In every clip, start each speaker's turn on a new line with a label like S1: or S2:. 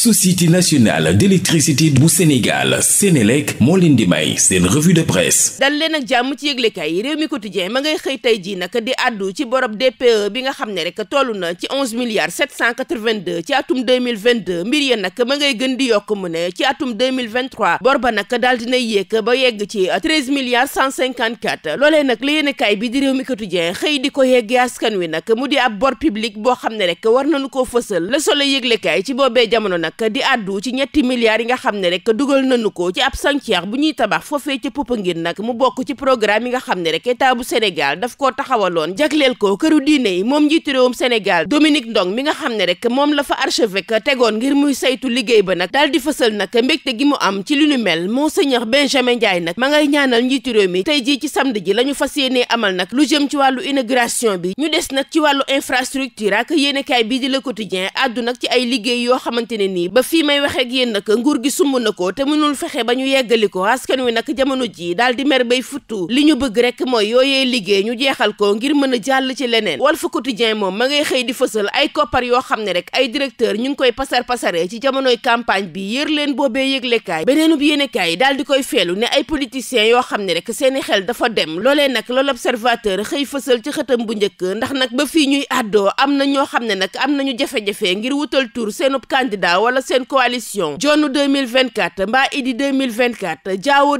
S1: société nationale d'électricité bu Sénégal Sénélec moo leen di may seen revue de presse dal leen ak jàmm ci yëglekaay yi réew mi quotidien ma ngay xëy tey ji nag di àddu ci borob DPE bi nga xam ne rek toll na ci onze milliards sept cent quatre-vingt-deux ci atum deux mille vingt-deux mbir ya nag ma ngay gën di yokk mu ne ci atum deux mille vingt-trois bor ba nag daal dina yéeg ba yegg ci milliards cent cinquante-quatre loolee nag la yéenekaay bi di réew mi quotidien xëy di ko yegg askan boo xam nag di àddu ci ñetti milliards yi nga xam ne rek dugal nañu ko ci ab sanctuaire bu ñuy tabax foofee ci Popenguine nag mu bokk ci programme yi nga xam ne rek état bu Sénégal daf koo taxawaloon jagleel ko këru diine yi moom njiitu réewum Sénégal Dominique Ndong mi nga xam ne rek moom la fa archevêque tegoon ngir muy saytu liggéey ba nag daal di fësal nag mbégte gi mu am ci li nu mel monseigneur Benjamin Ndiaye nag ma ngay ñaanal njiitu réew mi tey jii ci samedi ji la ñu fas yéenee amal nag lu jëm ci wàllu inauguration bi ñu des nag ci wàllu infrastructure ak yéenekaay bii di Le Quotidien àddu nag ci ay liggéey nii ba fii may waxee ak nguur gi sumb na ko te mënul fexe ba ñu yeggali ko askan wi nag jamono ji daal di mer bay futtu li ñu bëgg rek mooy yooyee liggéey ñu jeexal ko ngir mën a jàll ci leneen Walf Quotidien moom ma ngay xëy di fësal ay koppar yoo xam ne rek ay directeur ñu ngi koy pasar pasare ci jamonoy campagne bi yër leen boobee yëglekaay beneenu bi yéenekaay daal di koy feelu ne ay politiciens yoo xam ne rek seeni xel dafa dem loolee nag lool observateur xëy fësal ci xëtam bu njëkk ndax nag ba fii ñuy àddoo am na ñoo xam ne nag am nañu jafe ngir wutal tur seenub wala seen coalition jonn mbaa idi 2024 jaawo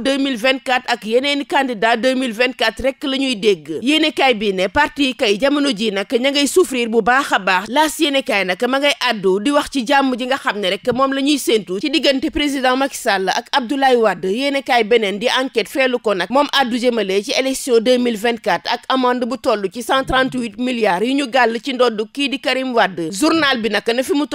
S1: ak yeneeni candidat 2024 rek la dégg yéenekaay bi ne parti yi kay jamono ji nag ña ngay souffrir bu baax a baax laas yéenekaay nag ma ngay àddu di wax ci jàmm ji nga xam ne rek moom la ñuy séentu ci diggante président Macky Sall ak Abdoulaye Wade yéenekaay beneen di enquête feelu ko nag moom àddu jëmale ci élection 2024 ak amende bu toll ci milliards yu ñu gàll ci ndodd kii di Karim Wade journal bi nag ne fi mu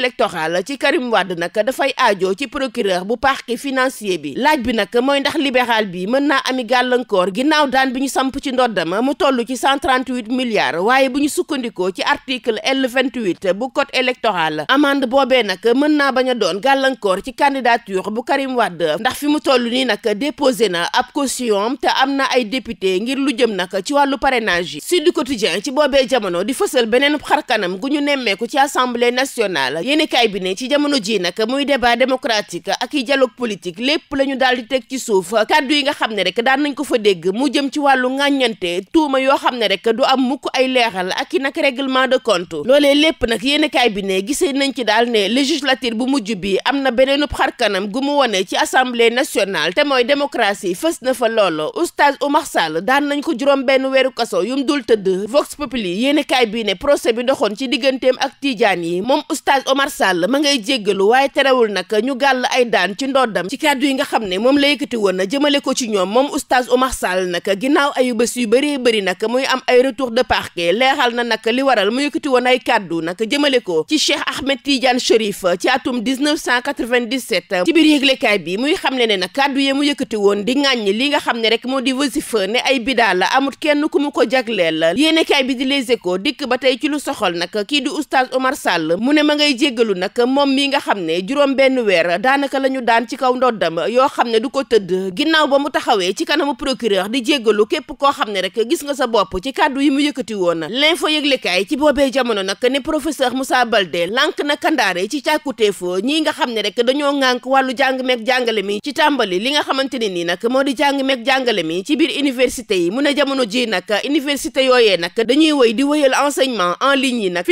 S1: électorale ci Karim Wade nag dafay aajo ci procureur bu parquet financier bi laaj bi nag mooy ndax libéral bi mën naa ami gàllankoor ginnaaw daan bi ñu samp ci ndoddama mu toll ci 138 milliards waaye bu ñu sukkandikoo ci article L28 bu code électoral amande boobee nag mën naa bañ a doon gàllankoor ci candidature bu Karim Wade ndax fi mu toll nii nag déposé na ab caution te am na ay député ngir lu jëm nag ci wàllu parrainage yi Sud Quotidien ci boobee jamono di fësal beneen xarkanam gu ñu yéenekaay bi ne ci jamono ji nag muy débat démocratique ak i dialogue politique lépp la ñu daal di teg ci suuf kàddu yi nga xam ne rek daan nañ ko fa dégg mu jëm ci wàllu ŋàññante tuuma yoo xam ne rek du am mukk ay leeral ak i nag règlement de compte loolee lépp nag yéenekaay bi ne gisee nañ ci daal ne législature bu mujj bi am na beneenub xarkanam gu mu wone ci assemblée nationale te mooy démocratie fës na fa loolo oustaz Oumar Sall daan nañ ko juróom benn weeru kaso yum dul tëdd Vox Populi yéenekaay bi ne procès bi doxoon ci digganteem ak Tidiane yi Omar Sall ma ngay jéggalu waaye terewul nag ñu gàll ay daan ci na nag li waral mu yëkkati woon ay kàddu nag jëmale ko ci Cheikh Ahmed Tidiane Chérif ci atum 1997 ci biir yëglekaay bi muy xamle ne nag kàddu yi mu yëkkati woon di ŋàññ li nga xam ne rek moo di wasifa ne ay bidaa la amut kenn ku mu ko jagleel yéenekaay bi di Les Échos dikk ba tey ci lu soxal nag kii di oustaz Omar Sall mu ne ma ngay jéggalu nag moom mi nga xam ne juróom benn weer daanaka la ñu daan ci kaw ndoddam yoo xam ne du ko tëdd ginnaaw ba mu taxawee ci kanamu procureur di jéggalu képp koo xam ne rek gis nga sa bopp ci kàddu yi mu yëkkati woon l'info yëglekaay ci boobee jamono nag ne professeur Moussa Baldé lànk na kandaare ci càkkutéefu ñii nga xam ne rek dañoo ŋànk wàllu jàng meeg jàngale mi ci tàmbali li nga xamante ne nii nag moo di jàng meeg jàngale mi ci biir université yi mu ne jamono ji nag université yooyee nag dañuy wëy di wëyal enseignement en ligne yi nag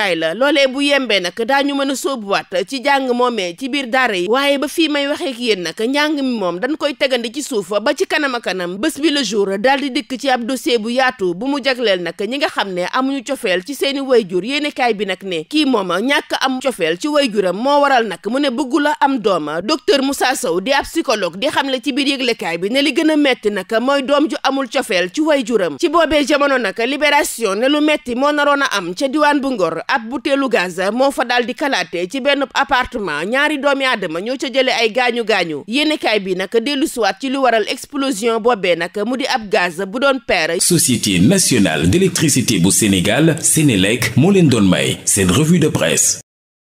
S1: jumtukaay la loolee bu yembee nag daañu mën a sóobuwaat ci jàng moomee ci biir daara yi waaye ba fii may waxee ak yéen nag njàng mi moom dañ koy tegandi ci suuf ba ci kanam kanam bés bi le jour daal di dikk ci ab dossier bu yaatu bu mu jagleel nag ñi nga xam ne amuñu cofeel ci seeni wayjur yéenekaay bi nag ne kii moom ñàkk am cofeel ci wayjuram moo waral nag mu ne bëggula am dooma docteur musa Sow di ab psychologue di ne ci biir yëglekaay bi ne li gën a metti nag mooy doom ju amul cofeel ci wayjuram ci boobee jamono nag libération ne lu metti moo naroon a am ca diwaan bu Ngor ab butéelu gaz moo fa daal di kalaate ci benn appartement ñaari doomi aadama ñoo ca jëlee ay gaañu gaañu yéenekaay bi nag dellu siwaat ci lu waral explosion boobee nag mu di ab gaz bu doon peer. Société nationale d'électricité bu Sénégal Sénélec moo leen doon may seen revue de presse.